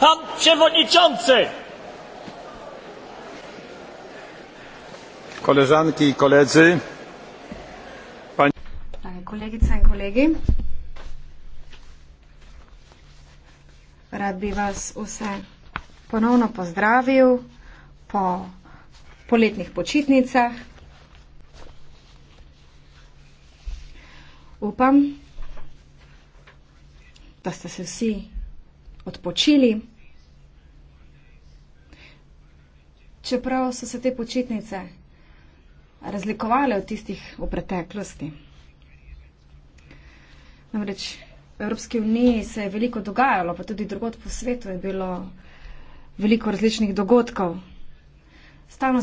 Pan przewodniczący! Koleżanki i koledzy, Kolegice in kolegi, rad bi vas vse ponovno pozdravil po poletnih počitnicah. Upam, da ste se vsi odpočili. Čeprav so se te počitnice razlikovale od tistih v preteklosti. Namreč v Evropski uniji se je veliko dogajalo, pa tudi drugot po svetu je bilo veliko različnih dogodkov. Stalno se